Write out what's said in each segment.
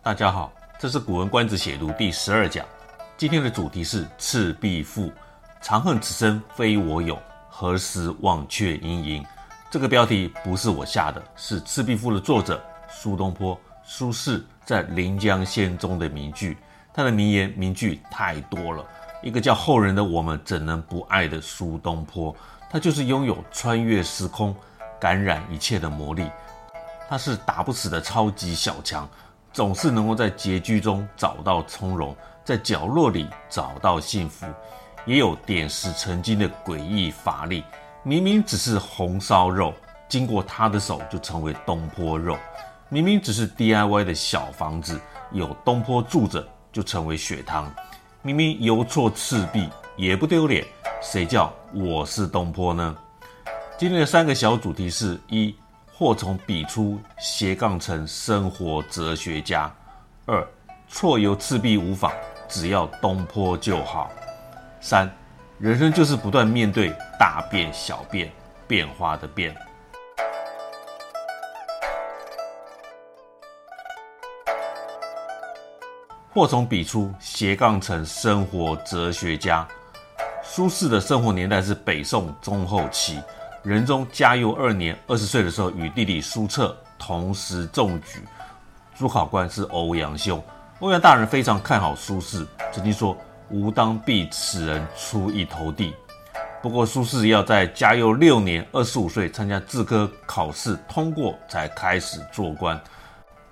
大家好，這是《古文觀止》解讀第十二講。今天的主題是《赤壁賦》：“長恨此身非我有，何時忘卻營營？”這個標題不是我下的，是《赤壁賦》的作者蘇東坡、蘇軾在《臨江仙》中的名句。他的名言名句太多了，一個叫“後人的我們怎能不愛”的蘇東坡，他就是擁有穿越時空、感染一切的魔力。他是打不死的超級小強。總是能夠在拮据中找到從容，在角落裡找到幸福，也有點石成金的詭異法力。明明只是紅燒肉，經過他的手就成為東坡肉；明明只是 DIY 的小房子，有東坡住着就成為雪堂，明明遊錯赤壁也不丟臉，誰叫我是東坡呢？今天的三個小主題是一。禍從筆出斜槓成生活哲學家。二錯遊赤壁無妨，只要東坡就好。三人生就是不斷面對大變小變變化的變。禍從筆出斜槓成生活哲學家。蘇軾的生活年代是北宋中後期。仁宗嘉佑二年，二十歲的時候，與弟弟蘇轍同時中舉，主考官是歐陽修。歐陽大人非常看好蘇軾，曾經說：“吾當必此人出一頭地。”不過，蘇軾要在嘉佑六年，二十五歲參加制科考試通過，才開始做官。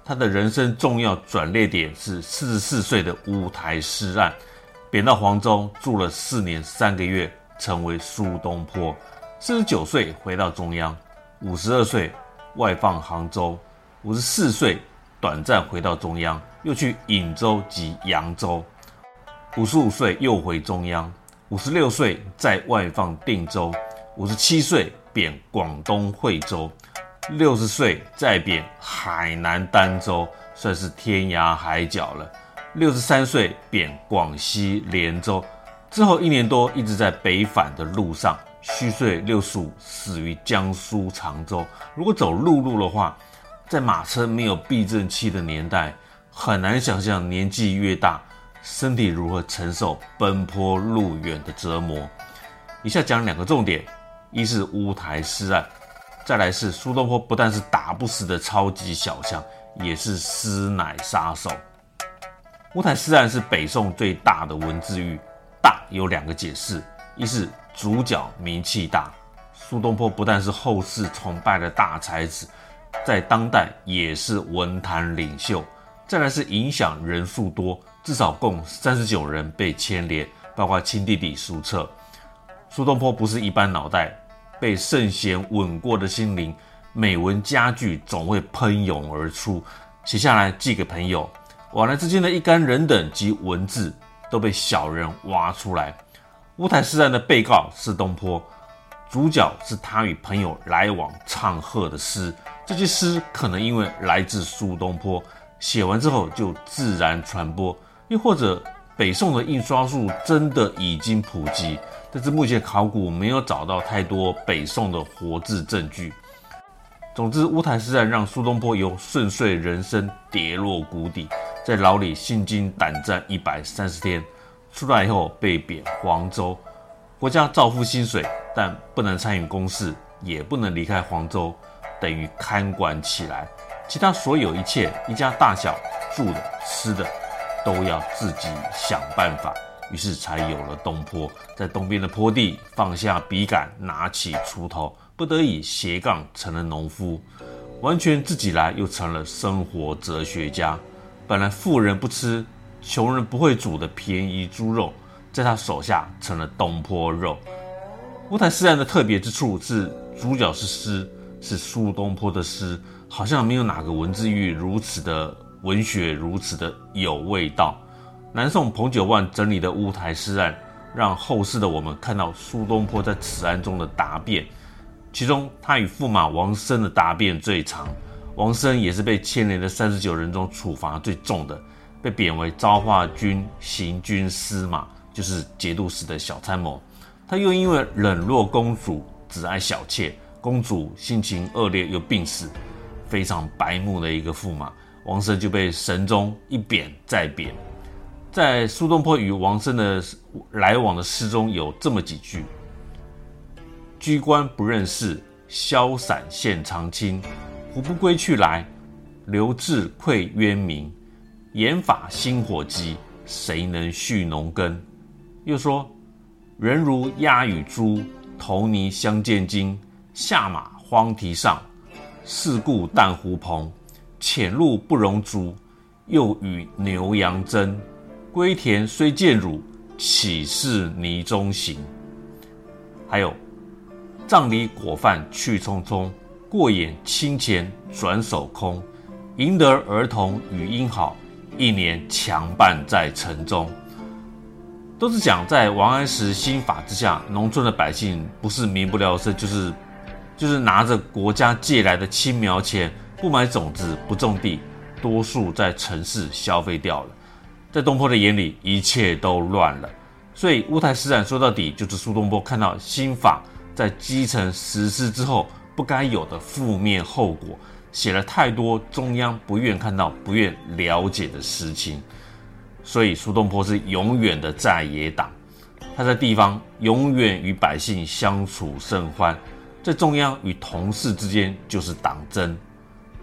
他的人生重要轉捩點是四十四歲的烏臺詩案，貶到黃州住了四年三個月，成為蘇東坡。四十九歲回到中央，五十二歲外放杭州，五十四歲短暫回到中央，又去潁州及揚州，五十五歲又回中央，五十六歲再外放定州，五十七歲貶廣東惠州，六十歲再貶海南儋州，算是天涯海角了。六十三歲貶廣西廉州，之後一年多一直在北返的路上。虛歲六十五，死於江蘇常州。如果走陸路的話，在馬車沒有避震器的年代，很難想象年紀越大，身體如何承受奔波路遠的折磨。以下講兩個重點：一是烏臺詩案，再來是蘇東坡不但是打不死的超級小強，也是師奶殺手。烏臺詩案是北宋最大的文字獄，大有兩個解釋：一是主角名氣大，蘇東坡不但是後世崇拜的大才子，在當代也是文壇領袖。再來是影響人數多，至少共三十九人被牽連，包括親弟弟蘇轍。蘇東坡不是一般腦袋，被聖賢吻過的心靈，美文佳句總會噴湧而出，寫下來寄給朋友。往來之間的一干人等及文字，都被小人挖出來。烏臺詩案的被告是東坡，主角是他與朋友來往唱和的詩。這句詩可能因為來自蘇東坡，寫完之後就自然傳播。又或者北宋的印刷術真的已經普及，但是目前考古沒有找到太多北宋的活字證據。總之，烏臺詩案讓蘇東坡由順遂人生跌落谷底，在牢裡心驚膽戰一百三十天。出來以後被貶黃州，國家照付薪水，但不能參與公事，也不能離開黃州，等於看管起來。其他所有一切，一家大小住的、吃的，都要自己想辦法。於是才有了東坡，在東邊的坡地放下筆桿，拿起鋤頭，不得已斜槓成了農夫，完全自己來，又成了生活哲學家。本來富人不吃。窮人不會煮的便宜豬肉，在他手下成了東坡肉。烏臺詩案的特別之處是，主角是詩，是蘇東坡的詩，好像沒有哪個文字獄如此的文學，如此的有味道。南宋彭九萬整理的烏臺詩案，讓後世的我們看到蘇東坡在此案中的答辯，其中他與駙馬王詵的答辯最長，王詵也是被牽連的三十九人中處罰最重的。被貶為昭化軍行軍司馬，就是節度使的小參謀。他又因為冷落公主，只愛小妾，公主性情惡劣又病死，非常白目的一個駙馬王詵就被神宗一貶再貶。在蘇東坡與王詵的來往的詩中有這麼幾句：“居官不任事，蕭散羨長卿。胡不歸去來，留滯愧淵明。”鹽法星火急，誰能卹農耕？又說：人如鴨與豬，投泥相濺驚。下馬荒堤上，四顧但湖泓。淺路不容豬，又與牛羊爭。歸田雖賤辱，豈是泥中行？還有，杖藜裹飯去匆匆，過眼青錢轉手空。贏得兒童語音好。一年強半在城中，都是講在王安石新法之下，農村的百姓不是民不聊生，就是就是拿着國家借來的青苗錢不買種子，不種地，多數在城市消費掉了。在東坡的眼裡，一切都亂了。所以烏台詩案說到底就是蘇東坡看到新法在基層實施之後不該有的負面後果。寫了太多中央不願看到、不願了解的事情，所以蘇東坡是永遠的在野黨。他在地方永遠與百姓相處甚歡，在中央與同事之間就是黨爭。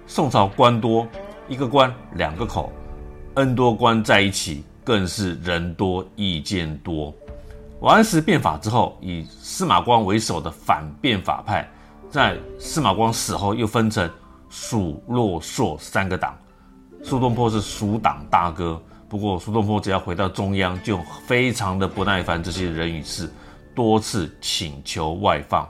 宋朝官多，一個官兩個口，N 多官在一起更是人多意見多。王安石變法之後，以司馬光為首的反變法派，在司馬光死後又分成蜀洛朔三個黨，蘇東坡是蜀黨大哥。不過蘇東坡只要回到中央，就非常的不耐煩這些人與事，多次請求外放。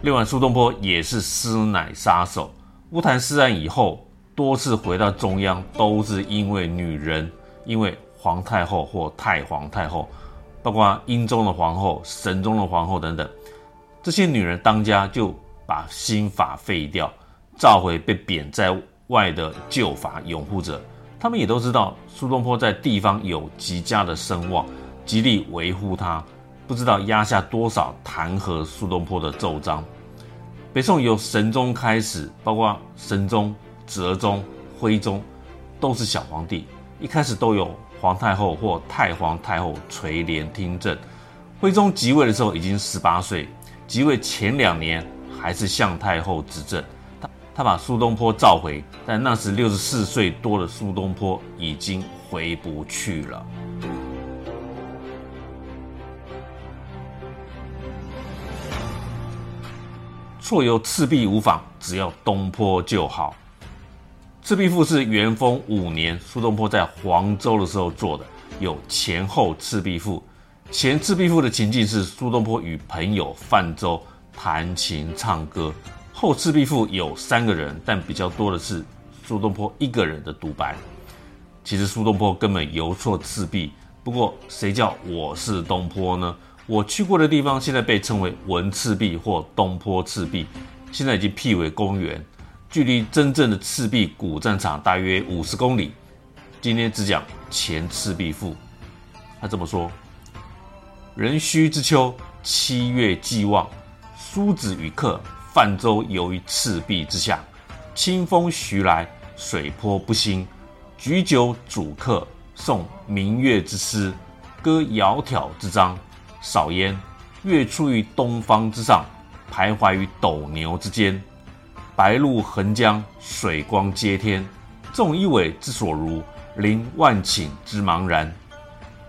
另外，蘇東坡也是師奶殺手。烏臺詩案以後，多次回到中央，都是因為女人，因為皇太后或太皇太後，包括英宗的皇後、神宗的皇后等等，這些女人當家就把新法廢掉。召回被貶在外的舊法擁護者，他們也都知道蘇東坡在地方有極佳的聲望，極力維護他，不知道壓下多少彈劾蘇東坡的奏章。北宋由神宗開始，包括神宗、哲宗、徽宗，都是小皇帝，一開始都有皇太后或太皇太后垂簾聽政。徽宗即位的時候已經十八歲，即位前兩年還是向太后執政。他把蘇東坡召回，但那時六十四歲多的蘇東坡已經回不去了。錯遊赤壁無妨，只要東坡就好。《赤壁賦》是元豐五年蘇東坡在黃州的時候做的，有前後《赤壁賦》。前《赤壁賦》的情境是蘇東坡與朋友泛舟、彈琴、唱歌。後赤壁賦有三個人，但比較多的是蘇東坡一個人的獨白。其實蘇東坡根本遊錯赤壁，不過誰叫我是東坡呢？我去過的地方現在被稱為文赤壁或東坡赤壁，現在已經闢為公園，距離真正的赤壁古戰場大約五十公里。今天只講前赤壁賦，他這麼說：壬戌之秋，七月既望，蘇子與客。泛舟遊於赤壁之下，清風徐來，水波不興。舉酒屬客，誦明月之詩，歌窈窕之章。少焉，月出於東方之上，徘徊於斗牛之間。白露橫江，水光接天。縱一葦之所如，凌萬頃之茫然。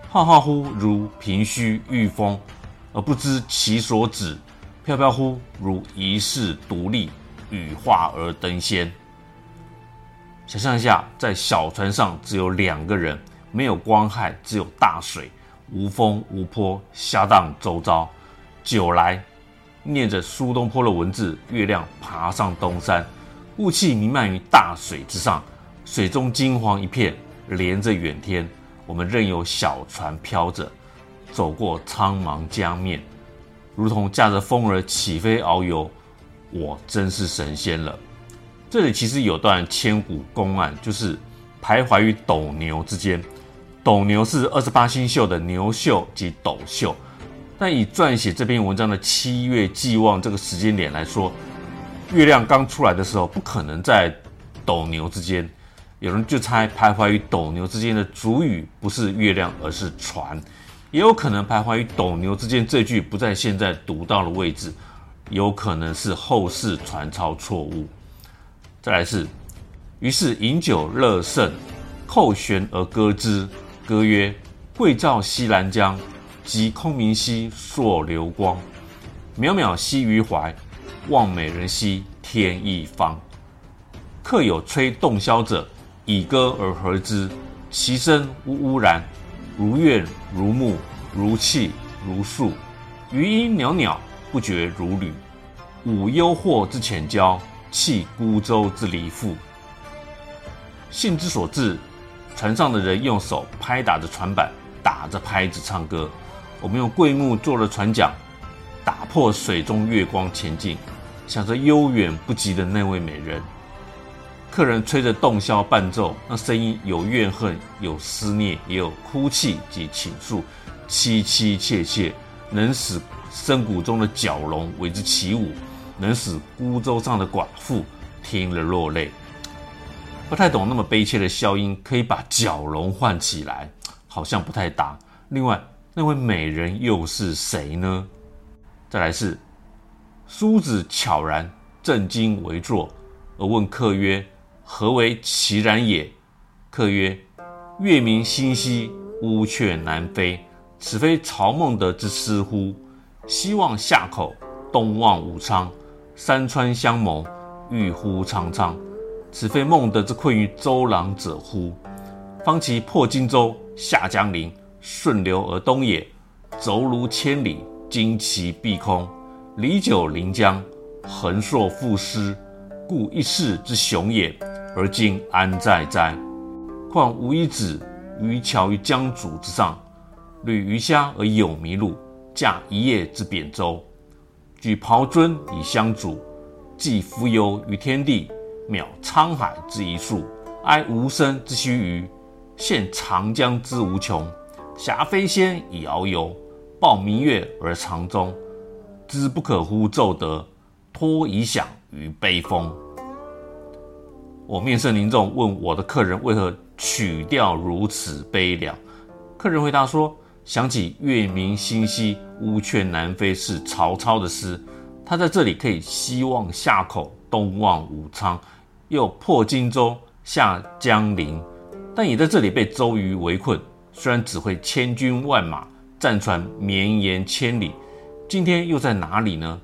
浩浩乎如馮虛御風，而不知其所止。飄飄乎如遺世獨立，羽化而登仙。想象一下，在小船上只有兩個人，沒有光害，只有大水，無風無波，瞎蕩周遭。久來，念着蘇東坡的文字，月亮爬上東山，霧氣彌漫於大水之上，水中金黃一片，連着遠天。我們任由小船飄着，走過蒼茫江面。如同駕着風兒起飛遨遊，我真是神仙了。這裡其實有段千古公案，就是徘徊於斗牛之間。斗牛是二十八星宿的牛宿及斗宿。但以撰寫這篇文章的七月既望這個時間點來說，月亮剛出來的時候，不可能在斗牛之間。有人就猜徘徊於斗牛之間的主語不是月亮，而是船。也有可能徘徊於斗牛之間。這句不在現在讀到的位置，有可能是後世傳抄錯誤。再來是，於是飲酒樂甚，扣舷而歌之。歌曰：“桂棹兮蘭槳，擊空明兮溯流光。渺渺兮予懷，望美人兮天一方。”客有吹洞簫者，倚歌而和之。其聲嗚嗚然，如怨。如慕，如泣，如訴，餘音裊裊，不絕如縷。舞幽壑之潛蛟，泣孤舟之嫠婦。興之所至，船上的人用手拍打着船板，打着拍子唱歌。我們用桂木做了船槳，打破水中月光前進，想着悠遠不及的那位美人。客人吹着洞簫伴奏，那聲音有怨恨，有思念，也有哭泣及傾訴，淒淒切切，能使深谷中的蛟龍為之起舞，能使孤舟上的寡婦聽了落淚。不太懂那麼悲切的簫音，可以把蛟龍喚起來，好像不太搭。另外，那位美人又是誰呢？再來是，蘇子愀然，正襟危坐，而問客曰。何為其然也？客曰：“月明星稀，烏鵲南飛。此非曹孟德之詩乎？西望夏口，東望武昌，山川相繆，鬱乎蒼蒼。此非孟德之困於周郎者乎？方其破荊州，下江陵，順流而東也，舳艫千里，旌旗蔽空，釃酒臨江，橫槊賦詩，故一世之雄也。”而今安在哉？況吾與子漁樵於江渚之上，侶魚蝦而友麋鹿，駕一葉之扁舟，舉匏樽以相屬。寄蜉蝣於天地，渺滄海之一粟。哀吾生之須臾，羨長江之無窮。挾飛仙以遨遊，抱明月而長終。知不可乎驟得，托遺響於悲風。我面色凝重，問我的客人為何曲調如此悲涼。客人回答說：“想起月明星稀，烏鵲南飛，是曹操的詩。他在這裡可以西望夏口，東望武昌，又破荊州，下江陵，但也在這裡被周瑜圍困。雖然指揮千軍萬馬，戰船綿延千里，今天又在哪裡呢？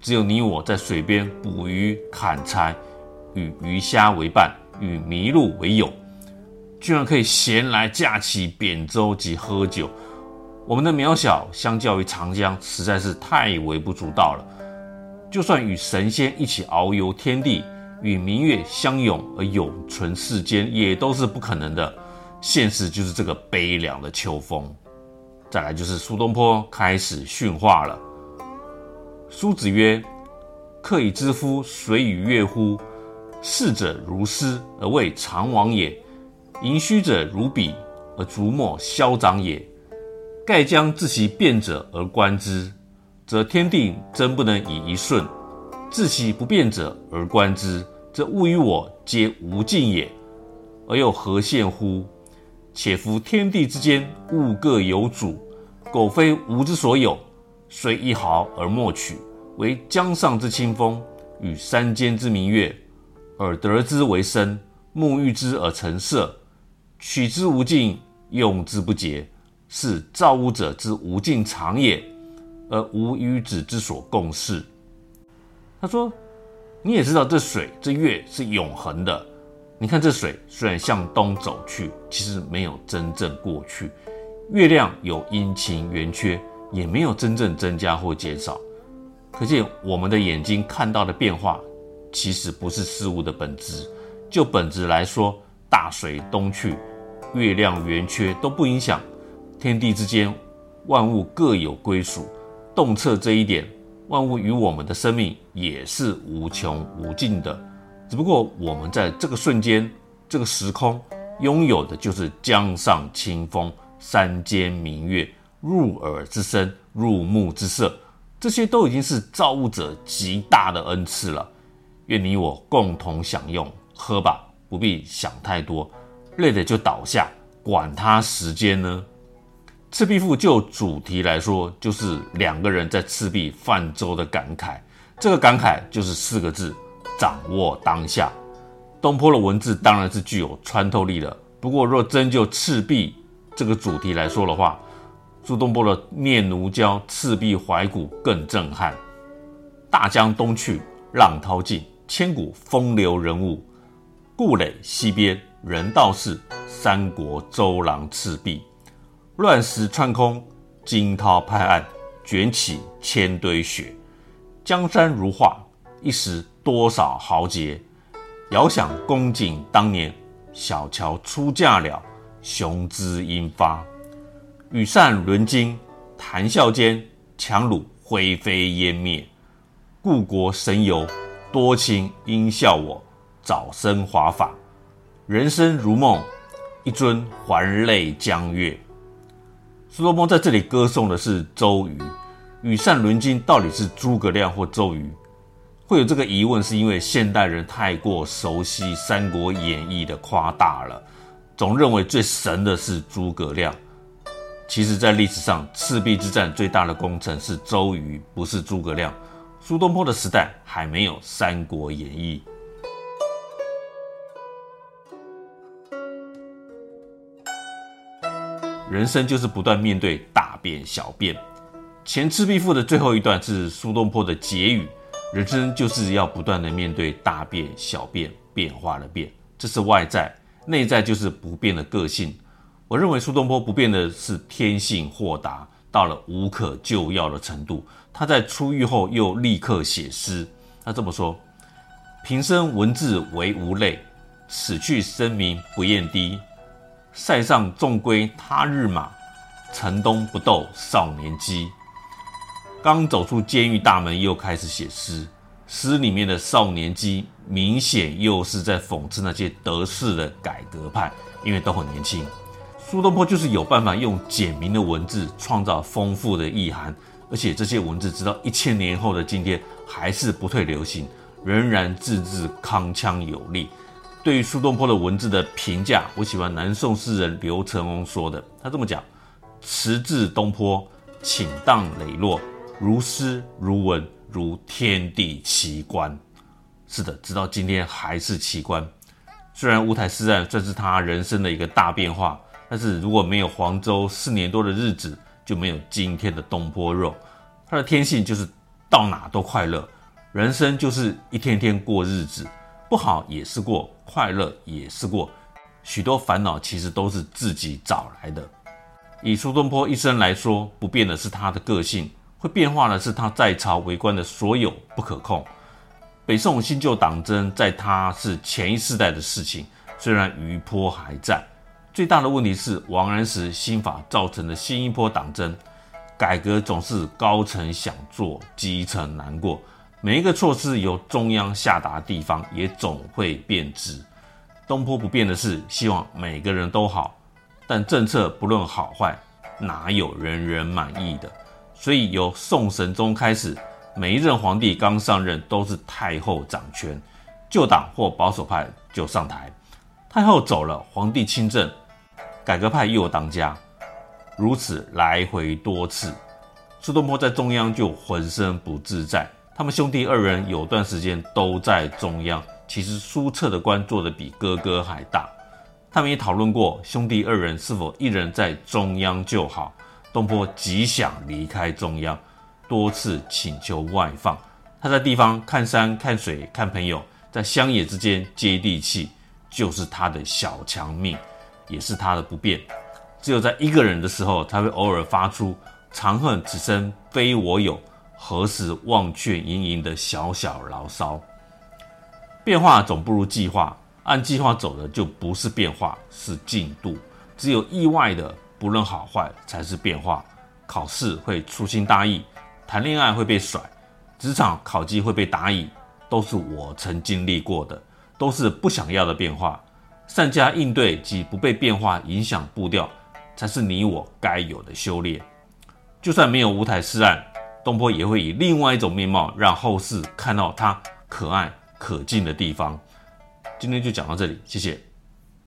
只有你我在水邊捕魚砍柴。”與魚蝦為伴，與麋鹿為友，居然可以閒來駕起扁舟及喝酒。我們的渺小，相較於長江，實在是太微不足道了。就算與神仙一起遨遊天地，與明月相擁而永存世間，也都是不可能的。現實就是這個悲涼的秋風。再來就是蘇東坡開始訓話了：“蘇子曰，客亦知夫水與月乎？”逝者如斯而未嘗往也，盈虛者如彼而卒莫消長也。蓋將自其變者而觀之，則天地曾不能以一瞬；自其不變者而觀之，則物與我皆無盡也。而又何羨乎？且夫天地之間，物各有主，苟非吾之所有，雖一毫而莫取，惟江上之清風與山間之明月。耳得之為聲，目遇之而成色，取之無盡，用之不竭，是造物者之無盡藏也，而吾與子之所共適。他說：“你也知道，這水、這月是永恆的。你看，這水雖然向東走去，其實沒有真正過去；月亮有陰晴圓缺，也沒有真正增加或減少。可見我們的眼睛看到的變化。”其實不是事物的本質。就本質來說，大水東去，月亮圓缺都不影響天地之間萬物各有歸屬。洞徹這一點，萬物與我們的生命也是無窮無盡的。只不過我們在這個瞬間、這個時空擁有的就是江上清風、山間明月，入耳之聲、入目之色，這些都已經是造物者極大的恩賜了。願你我共同享用，喝吧，不必想太多，累了就倒下，管他時間呢？赤壁賦就主題來說，就是兩個人在赤壁泛舟的感慨，這個感慨就是四個字：掌握當下。東坡的文字當然是具有穿透力的，不過若真就赤壁這個主題來說的話，蘇東坡的《念奴嬌·赤壁懷古》更震撼。大江東去，浪淘盡。千古風流人物，故壘西邊，人道是三國周郎赤壁。亂石穿空，驚濤拍岸，捲起千堆雪。江山如畫，一時多少豪傑。遙想公瑾當年，小喬初嫁了，雄姿英發，羽扇綸巾，談笑間，檣櫓灰飛煙滅。故國神遊。多情應笑我，早生華髮。人生如夢，一尊還酹江月。蘇東坡在這裡歌頌的是周瑜。羽扇綸巾，到底是諸葛亮或周瑜？會有這個疑問，是因為現代人太過熟悉《三國演義》的誇大了，總認為最神的是諸葛亮。其實，在歷史上，赤壁之戰最大的功臣是周瑜，不是諸葛亮。蘇東坡的時代還沒有《三國演義》。人生就是不斷面對大變小變。《前赤壁賦》的最後一段是蘇東坡的結語：“人生就是要不斷的面對大變小變變化的變。”這是外在，內在就是不變的個性。我認為蘇東坡不變的是天性豁達，到了無可救藥的程度。他在出獄後又立刻寫詩，他這麼說：“平生文字為吾累，此去聲名不厭低。塞上縱歸他日馬，城東不鬥少年雞。”剛走出監獄大門，又開始寫詩。詩裡面的少年雞，明顯又是在諷刺那些得勢的改革派，因為都很年輕。蘇東坡就是有辦法用簡明的文字，創造豐富的意涵。而且這些文字直到一千年後的今天，還是不退流行，仍然字字鏗鏘有力。對於蘇東坡的文字的評價，我喜歡南宋詩人劉辰翁說的，他這麼講：“詞至東坡，傾盪磊落，如詩，如文，如天地奇觀。”是的，直到今天還是奇觀。雖然烏臺詩案算是他人生的一個大變化，但是如果沒有黃州四年多的日子，就沒有今天的東坡肉。他的天性就是到哪都快樂，人生就是一天天過日子，不好也是過，快樂也是過。許多煩惱其實都是自己找來的。以蘇東坡一生來說，不變的是他的個性，會變化的是他在朝為官的所有不可控。北宋新舊黨爭在他是前一世代的事情，雖然餘波還在。最大的問題是王安石新法造成的新一波黨爭，改革總是高層想做，基層難過。每一個措施由中央下達，地方也總會變質。東坡不變的是希望每個人都好，但政策不論好壞，哪有人人滿意的？所以由宋神宗開始，每一任皇帝剛上任都是太后掌權，舊黨或保守派就上台。太后走了，皇帝親政。改革派又當家，如此來回多次，蘇東坡在中央就渾身不自在。他們兄弟二人有段時間都在中央，其實蘇轍的官做得比哥哥還大。他們也討論過，兄弟二人是否一人在中央就好。東坡極想離開中央，多次請求外放。他在地方看山看水看朋友，在鄉野之間接地氣，就是他的小強命。也是他的不變，只有在一個人的時候，才會偶爾發出“長恨此身非我有，何時忘卻營營”的小小牢騷。變化總不如計劃，按計劃走的就不是變化，是進度。只有意外的，不論好壞，才是變化。考試會粗心大意，談戀愛會被甩，職場考績會被打野，都是我曾經歷過的，都是不想要的變化。善加應對及不被變化影響步調，才是你我該有的修煉。就算沒有烏臺詩案，東坡也會以另外一種面貌，讓後世看到他可愛可敬的地方。今天就講到這裡，謝謝。